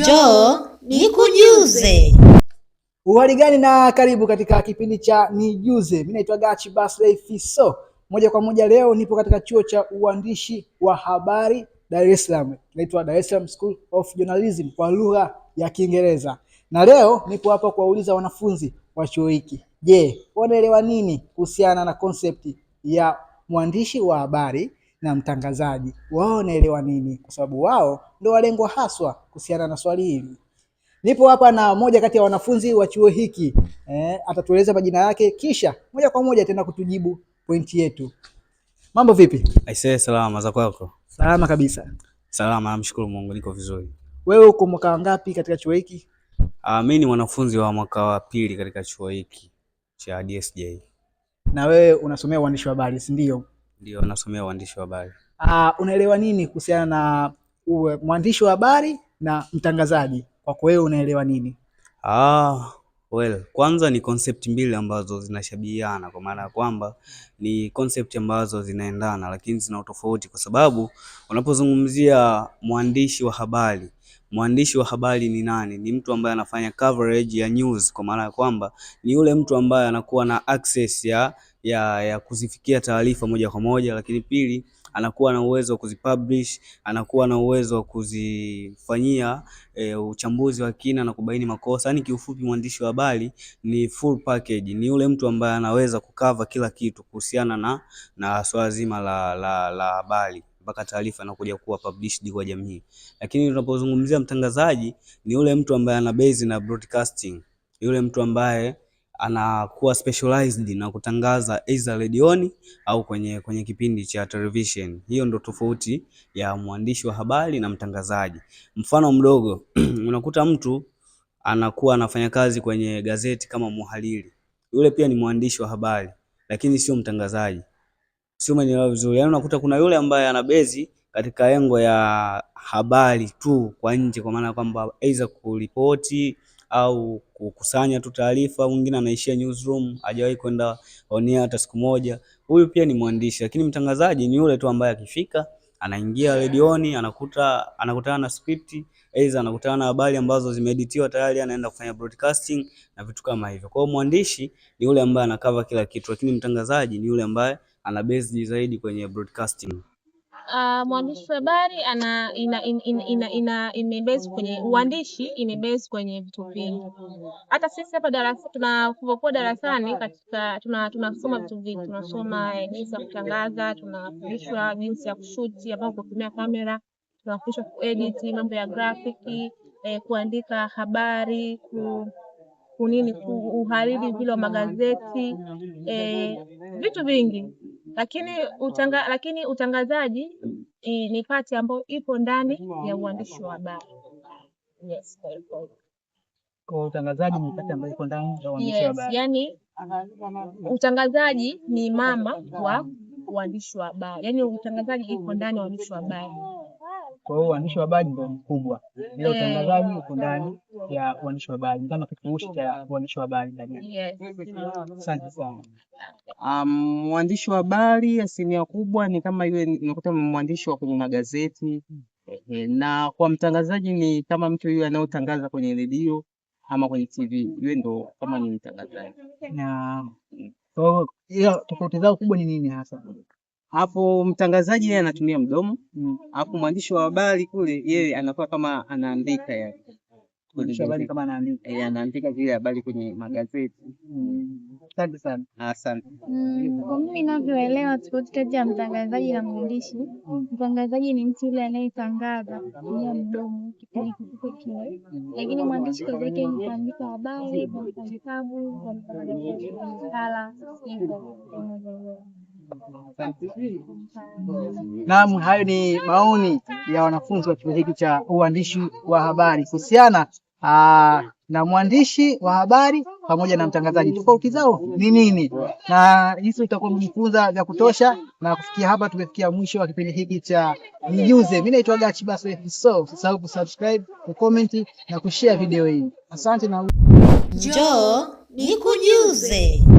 Njoo nikujuze. Uhali gani na karibu katika kipindi cha Nijuze. Mimi naitwa Gachi Basley Fiso. Moja kwa moja leo nipo katika chuo cha uandishi wa habari Dar es Salaam, naitwa Dar es Salaam School of Journalism kwa lugha ya Kiingereza, na leo nipo hapa kuwauliza wanafunzi wa chuo hiki, je, wanaelewa nini kuhusiana na konsepti ya mwandishi wa habari na mtangazaji, wao wanaelewa nini, kwa sababu wao ndo walengwa haswa kuhusiana na swali hili. Nipo hapa na moja kati ya wanafunzi wa chuo hiki eh, atatueleza majina yake, kisha moja kwa moja tena kutujibu pointi yetu. Mambo vipi? Aisee, salama za kwako? Salama kabisa. Salama, namshukuru Mungu, niko vizuri. Wewe uko mwaka ngapi katika chuo hiki? Uh, mimi ni mwanafunzi wa mwaka wa pili katika chuo hiki cha DSJ. Na wewe unasomea uandishi wa habari, si ndio? Ndio, nasomea uandishi wa habari. Ah, unaelewa nini kuhusiana na mwandishi wa habari na mtangazaji? Kwako wewe unaelewa nini? Ah, well, kwanza ni concept mbili ambazo zinashabihiana kwa maana ya kwamba ni concept ambazo zinaendana lakini zina utofauti, kwa sababu unapozungumzia mwandishi wa habari mwandishi wa habari ni nani? Ni mtu ambaye anafanya coverage ya news, kwa maana ya kwamba ni yule mtu ambaye anakuwa na access ya ya, ya kuzifikia taarifa moja kwa moja, lakini pili anakuwa na uwezo wa kuzipublish, anakuwa na uwezo wa kuzifanyia e, uchambuzi wa kina na kubaini makosa. Yaani kiufupi, mwandishi wa habari ni full package, ni yule mtu ambaye anaweza kukava kila kitu kuhusiana na, na swala zima la, la, la habari mpaka taarifa inakuja kuwa published kwa jamii. Lakini tunapozungumzia mtangazaji, ni yule mtu ambaye ana base na broadcasting, yule mtu ambaye anakuwa specialized na kutangaza either redioni au kwenye, kwenye kipindi cha television. Hiyo ndo tofauti ya mwandishi wa habari na mtangazaji. Mfano mdogo unakuta mtu anakuwa anafanya kazi kwenye gazeti kama muhariri, yule pia ni mwandishi wa habari lakini sio mtangazaji, sio mwenyewe vizuri. Yani unakuta kuna yule ambaye anabezi katika engo ya habari tu kwa nje, kwa maana kwamba aidha kuripoti au kukusanya tu taarifa. Mwingine anaishia newsroom, hajawahi kwenda onia hata siku moja. Huyu pia ni mwandishi, lakini mtangazaji ni yule tu ambaye akifika anaingia redioni anakuta anakutana na script, aidha anakutana na habari ambazo zimeeditiwa tayari, anaenda kufanya broadcasting na vitu kama hivyo. Kwa hiyo mwandishi ni yule ambaye anakava kila kitu, lakini mtangazaji ni yule ambaye ana base zaidi kwenye broadcasting uh, mwandishi wa habari ana ina, ina, ina, ina, ina imebase kwenye uandishi, imebase kwenye vitu vingi. Hata sisi hapa darasa tunapokuwa darasani katika tuna tunasoma vitu vingi, tunasoma jinsi ya kutangaza, tunafundishwa jinsi ya kushuti ambao kutumia kamera, tunafundishwa kuedit, mambo ya grafiki, eh, kuandika habari ku kunini kuuhariri vile wa magazeti e, vitu vingi, lakini utanga, lakini utangazaji i, ni kati ambayo ipo ndani ya uandishi wa habari yes. Kwa utangazaji ni kati ambayo ipo ndani ya uandishi wa habari. Yani utangazaji ni mama wa uandishi wa habari, yani utangazaji ipo ndani ya uandishi wa habari. Kwa hiyo uandishi wa habari ndio mkubwa, bila eh. utangazaji uko ndani ya uandishi wa habari, kama kifurushi cha uandishi wa habari ndani yake. Asante sana. Um, mwandishi wa habari asilimia kubwa ni kama yule unakuta mwandishi wa kwenye magazeti na kwa mtangazaji ni kama mtu yule anayotangaza kwenye redio ama kwenye TV, yule ndo kama ni mtangazaji. Na kwa hiyo tofauti zao kubwa ni nini hasa? hapo mtangazaji yeye anatumia mdomo alafu mwandishi wa habari kule yeye anakuwa kama anaandika ya anaandika zile habari kwenye magazeti. Asante sana. Asante. Mm, kwa mimi ninavyoelewa, tofauti kati ya mtangazaji na mwandishi, mtangazaji ni mtu yule anayetangaza kutumia mdomo kipindi kile, lakini mwandishi kazi yake ni kuandika habari kwa vitabu, kwa makala hivyo. Naam, hayo ni maoni ya wanafunzi wa chuo hiki cha uandishi wa habari kuhusiana ah, na mwandishi wa habari pamoja na mtangazaji, tofauti zao ni nini? Na hizo itakuwa mjifunza vya kutosha. Na kufikia hapa, tumefikia mwisho wa kipindi hiki cha Nijuze. Mimi naitwa Gachi Baso, so usisahau kusubscribe, kucomment na kushare video hii. Asante na njoo nikujuze.